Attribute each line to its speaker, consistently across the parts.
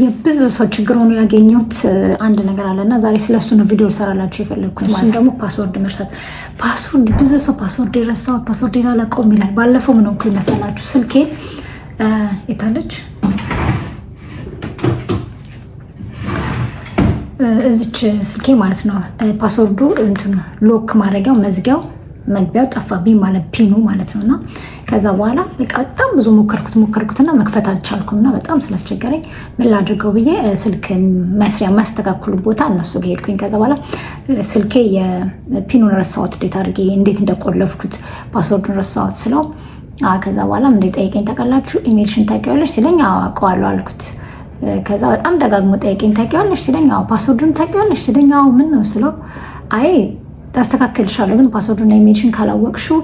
Speaker 1: የብዙ ሰው ችግር ሆኖ ያገኘሁት አንድ ነገር አለ እና ዛሬ ስለሱ ነው ቪዲዮ ልሰራላቸው የፈለግኩት። እሱም ደግሞ ፓስወርድ መርሳት። ፓስወርድ ብዙ ሰው ፓስወርድ የረሳው ፓስወርድ ላለቀውም ይላል። ባለፈው ምን ሆንኩኝ መሰላችሁ? ስልኬ የታለች እዚች ስልኬ ማለት ነው ፓስወርዱ ሎክ ማድረጊያው መዝጊያው መግቢያው ጠፋብኝ ማለት ፒኑ ማለት ነው። እና ከዛ በኋላ በቃ በጣም ብዙ ሞከርኩት ሞከርኩትና መክፈት አልቻልኩም። እና በጣም ስላስቸገረኝ ምን ላድርገው ብዬ ስልክ መስሪያ የሚያስተካክሉ ቦታ እነሱ ጋር ሄድኩኝ። ከዛ በኋላ ስልኬ የፒኑን ረሳሁት፣ እንዴት አድርጌ እንዴት እንደቆለፍኩት ፓስወርዱን ረሳሁት ስለው ከዛ በኋላ እንደ ጠይቀኝ ታውቃላችሁ፣ ኢሜልሽን ታውቂዋለሽ ሲለኝ አውቀዋለሁ አልኩት። ከዛ በጣም ደጋግሞ ጠየቀኝ ታውቂዋለሽ ሲለኝ ፓስወርዱን ታውቂዋለሽ ሲለኝ ምን ነው ስለው አይ ታስተካከልሻለሁ ግን ፓስወርዱና ኢሜልሽን ካላወቅሽው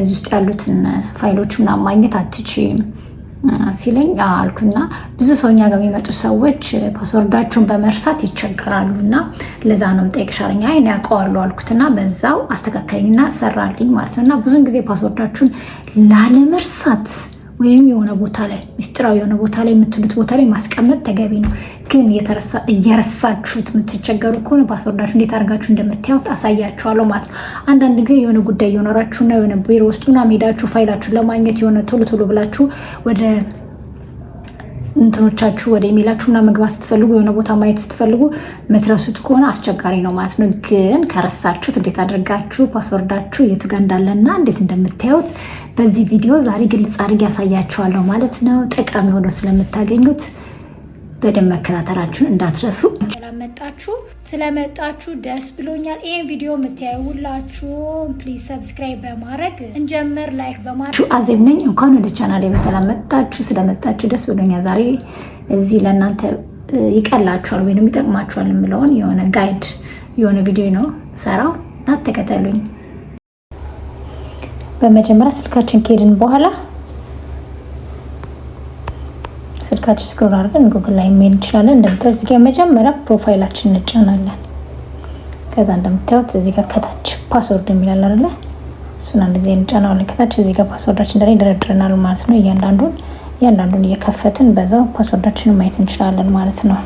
Speaker 1: እዚህ ውስጥ ያሉትን ፋይሎች ምናምን ማግኘት አትችይም ሲለኝ አልኩና ብዙ ሰው እኛ ጋር የሚመጡ ሰዎች ፓስወርዳቸውን በመርሳት ይቸገራሉ እና ለዛ ነው የምጠይቅሽ አለኝ። አይ አልኩትና በዛው አስተካከለኝና ሰራልኝ ማለት ነው። እና ብዙን ጊዜ ፓስወርዳችሁን ላለመርሳት ወይም የሆነ ቦታ ላይ ምስጢራዊ የሆነ ቦታ ላይ የምትሉት ቦታ ላይ ማስቀመጥ ተገቢ ነው። ግን እየረሳችሁት የምትቸገሩ ከሆነ ፓስወርዳችሁ እንዴት አድርጋችሁ እንደምታዩት አሳያችኋለሁ ማለት ነው። አንዳንድ ጊዜ የሆነ ጉዳይ እየኖራችሁና የሆነ ቢሮ ውስጡና ሜዳችሁ ፋይላችሁ ለማግኘት የሆነ ቶሎ ቶሎ ብላችሁ ወደ እንትኖቻችሁ ወደ ኢሜላችሁ ምናምን መግባት ስትፈልጉ የሆነ ቦታ ማየት ስትፈልጉ መትረሱት ከሆነ አስቸጋሪ ነው ማለት ነው። ግን ከረሳችሁት እንዴት አድርጋችሁ ፓስወርዳችሁ የቱ ጋር እንዳለና እንዴት እንደምታዩት በዚህ ቪዲዮ ዛሬ ግልጽ አድርጌ ያሳያችኋለሁ ማለት ነው። ጠቃሚ ሆኖ ስለምታገኙት በደንብ መከታተላችሁን እንዳትረሱ። ስለመጣችሁ ስለመጣችሁ ደስ ብሎኛል። ይህን ቪዲዮ የምታዩ ሁላችሁም ፕሊዝ ሰብስክራይብ በማድረግ እንጀምር። ላይክ በማድረግ አዜብ ነኝ። እንኳን ወደ ቻናሌ በሰላም መጣችሁ። ስለመጣችሁ ደስ ብሎኛል። ዛሬ እዚህ ለእናንተ ይቀላችኋል ወይም ይጠቅማችኋል የምለውን የሆነ ጋይድ የሆነ ቪዲዮ ነው ሰራው እና ተከተሉኝ። በመጀመሪያ ስልካችን ከሄድን በኋላ ስልካችን ስክሮል አድርገን ጉግል ላይ መሄድ እንችላለን። እንደምታዩት እዚህ ጋር መጀመሪያ ፕሮፋይላችን እንጫናለን። ከዛ እንደምታዩት እዚህ ጋር ከታች ፓስወርድ የሚላል አለ። እሱን አንድ ጊዜ እንጫናዋለን። ከታች እዚህ ጋር ፓስወርዳችን እንደላይ ይደረድረናል ማለት ነው። እያንዳንዱን እያንዳንዱን እየከፈትን በዛው ፓስወርዳችንን ማየት እንችላለን ማለት ነው።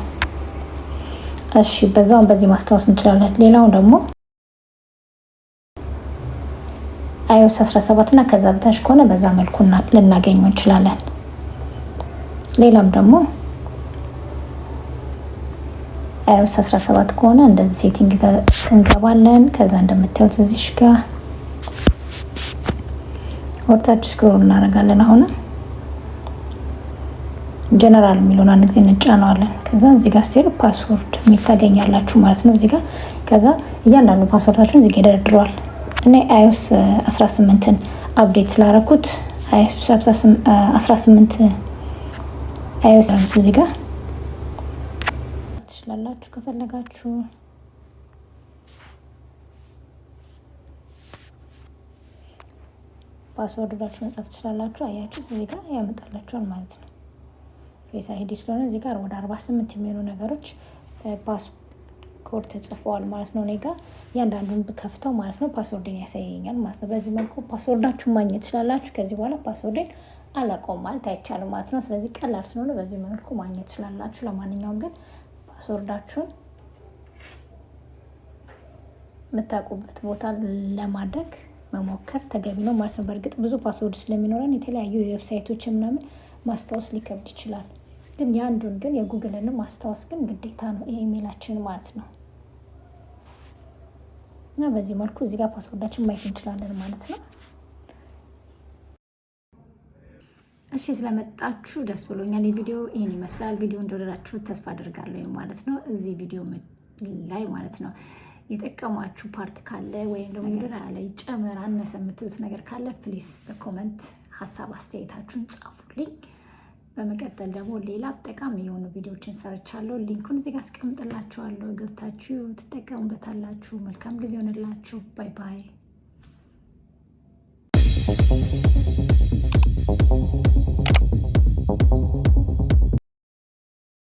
Speaker 1: እሺ በዛውን በዚህ ማስታወስ እንችላለን። ሌላው ደግሞ አይኦስ 17 እና ከዛ በታች ከሆነ በዛ መልኩ ልናገኘው እንችላለን። ሌላም ደግሞ iOS 17 ከሆነ እንደዚህ ሴቲንግ እንገባለን። ከዛ እንደምታዩት እዚህ ጋር ወርታች ስክሮል እናደርጋለን። አሁን ጀነራል የሚለውን አንድ ጊዜ እንጫነዋለን። ከዛ እዚህ ጋር ስቴል ፓስወርድ የሚል ታገኛላችሁ ማለት ነው እዚህ ጋር። ከዛ እያንዳንዱ ፓስወርዳችሁን እዚህ ጋር ይደረድረዋል። እኔ iOS 18ን አፕዴት ስላረኩት ስላደረኩት 18 አይወስራምስ እዚህ ጋር ትችላላችሁ ከፈለጋችሁ ፓስወርድ ብላችሁ መጻፍ ትችላላችሁ። አያችሁ እዚህ ጋር ያመጣላችኋል ማለት ነው። ፌስ አይዲ ስለሆነ እዚህ ጋር ወደ አርባ ስምንት የሚሆኑ ነገሮች ፓስኮድ ተጽፈዋል ማለት ነው። እኔ ጋ እያንዳንዱን ብከፍተው ማለት ነው ፓስወርድን ያሳየኛል ማለት ነው። በዚህ መልኩ ፓስወርዳችሁን ማግኘት ትችላላችሁ። ከዚህ በኋላ ፓስወርድን አላቀውም ማለት አይቻልም ማለት ነው። ስለዚህ ቀላል ስለሆነ በዚህ መልኩ ማግኘት ትችላላችሁ። ለማንኛውም ግን ፓስወርዳችሁን የምታውቁበት ቦታ ለማድረግ መሞከር ተገቢ ነው ማለት ነው። በእርግጥ ብዙ ፓስወርድ ስለሚኖረን የተለያዩ የዌብሳይቶች ምናምን ማስታወስ ሊከብድ ይችላል። ግን የአንዱን ግን የጉግልን ማስታወስ ግን ግዴታ ነው የኢሜላችን ማለት ነው። እና በዚህ መልኩ እዚህ ጋር ፓስወርዳችን ማየት እንችላለን ማለት ነው። እሺ ስለመጣችሁ ደስ ብሎኛል። የቪዲዮ ይህን ይመስላል። ቪዲዮ እንደወደዳችሁ ተስፋ አድርጋለሁ ማለት ነው። እዚህ ቪዲዮ ላይ ማለት ነው የጠቀሟችሁ ፓርት ካለ ወይም ደግሞ ነገር ካለ ይጨመር አነሰ የምትሉት ነገር ካለ ፕሊስ በኮመንት ሀሳብ አስተያየታችሁን ጻፉልኝ። በመቀጠል ደግሞ ሌላ ጠቃሚ የሆኑ ቪዲዮዎችን ሰርቻለሁ። ሊንኩን እዚህ ጋር አስቀምጥላችኋለሁ። ገብታችሁ ትጠቀሙበታላችሁ። መልካም ጊዜ ሆንላችሁ። ባይ ባይ